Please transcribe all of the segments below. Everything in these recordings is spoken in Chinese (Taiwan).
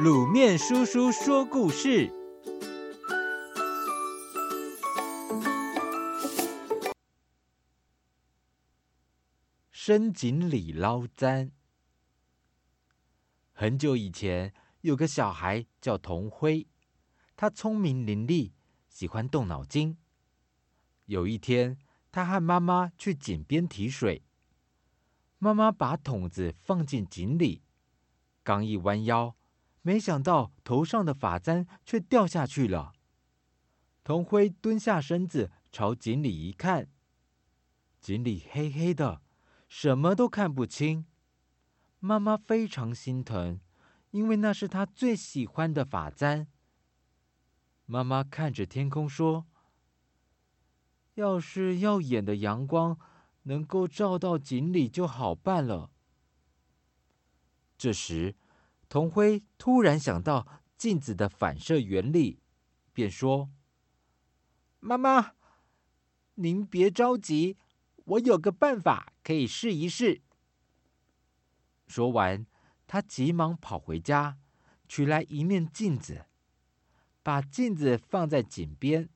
滷麵叔叔說故事：深井裡撈簪。很久以前，有個小孩叫童輝，他聰明伶俐，喜歡動腦筋。有一天，他和媽媽去井邊提水，媽媽把桶子放進井裡，剛一彎腰。沒想到頭上的髮簪卻掉下去了。童輝蹲下身子朝井裡一看，井裡黑黑的，什麼都看不清。媽媽非常心疼，因為那是她最喜歡的髮簪。媽媽看着天空說：“要是耀眼的陽光能夠照到井裡，就好辦了。”這時。童輝突然想到鏡子的反射原理，便說：“媽媽，您別着急，我有個辦法可以試一試。”說完，他急忙跑回家，取來一面鏡子，把鏡子放在井邊。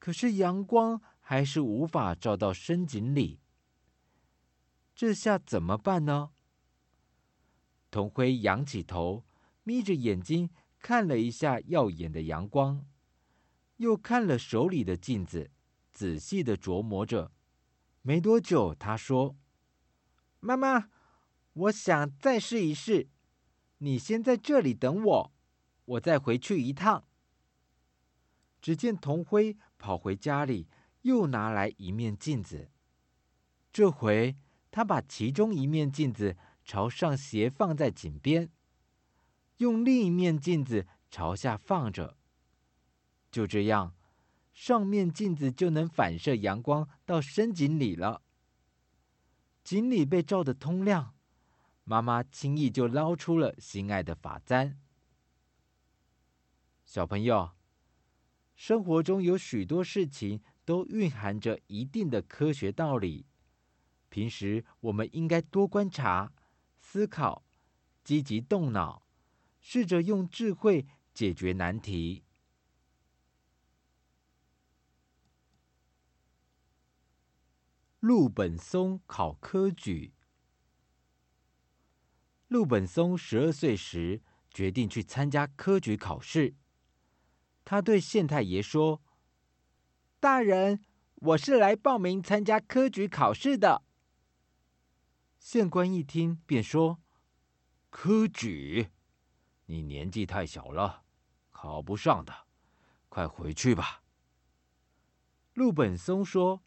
可是陽光還是無法照到深井裡。這下怎麼辦呢？童輝仰起頭，眯着眼睛看了一下耀眼的陽光，又看了手裡的鏡子，仔細的琢磨着。沒多久，他說：“媽媽，我想再試一試，你先在這裡等我，我再回去一趟。”只見童輝跑回家裡，又拿來一面鏡子。這回他把其中一面鏡子，朝上斜放在井邊，用另一面鏡子朝下放着。就這樣，上面鏡子就能反射陽光到深井裡了。井裡被照得通亮，媽媽輕易就撈出了心愛的髮簪。小朋友，生活中有許多事情都蘊含着一定的科學道理，平時我們應該多觀察、思考，積極動腦，試着用智慧解決難題。陸本松考科舉。陸本松十二歲時決定去參加科舉考試。他對縣太爺說：“大人，我是來報名參加科舉考試的。”縣官一聽，便說：“科舉，你年紀太小了，考不上的，快回去吧。”陸本松說：“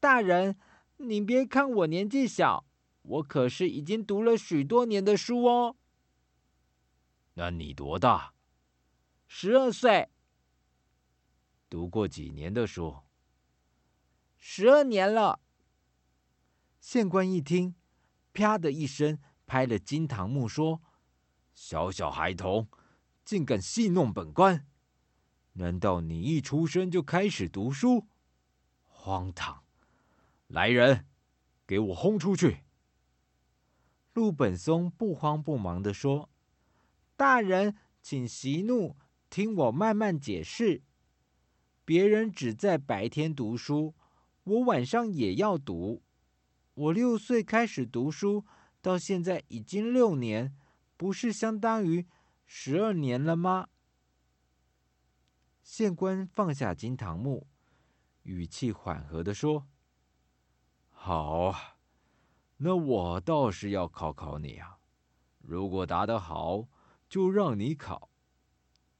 大人，您別看我年紀小，我可是已經讀了許多年的書哦。”“那你多大？”“十二歲。”“讀過幾年的書？”“十二年了。”縣官一聽。啪的一聲，拍了驚堂木，說：“小小孩童，竟敢戲弄本官？難道你一出生就開始讀書？荒唐！來人，給我轟出去！”陸本松不慌不忙地說：“大人，請息怒，聽我慢慢解釋。別人只在白天讀書，我晚上也要讀。”我六歲開始讀書，到現在已經六年，不是相當於十二年了嗎？縣官放下驚堂木，語氣緩和地說：“好啊，那我倒是要考考你啊。如果答得好，就讓你考；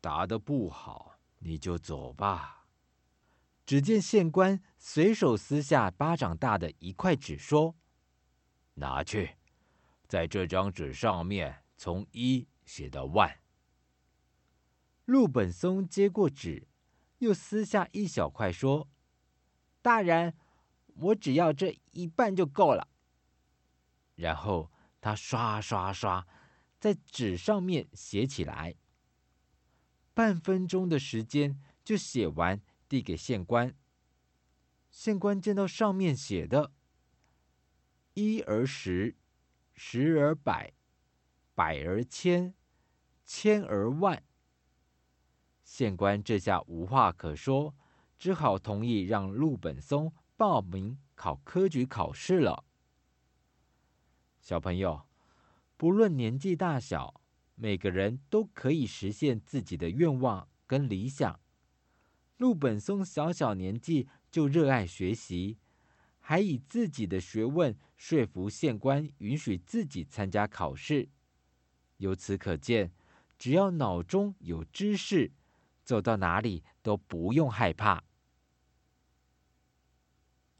答得不好，你就走吧。”只見縣官隨手撕下巴掌大的一塊紙，說：“拿去，在這張紙上面從一寫到萬。”陸本松接過紙，又撕下一小塊，說：“大人，我只要這一半就夠了。”然後他刷刷刷，在紙上面寫起來，半分鐘的時間就寫完。遞給縣官。縣官見到上面寫的“一而十，十而百，百而千，千而萬”，縣官這下無話可說，只好同意讓陸本松報名考科舉考試了。小朋友，不論年紀大小，每個人都可以實現自己的願望跟理想。陸本松小小年紀就熱愛學習，還以自己的學問說服縣官允許自己參加考試。由此可見，只要腦中有知識，走到哪裡都不用害怕。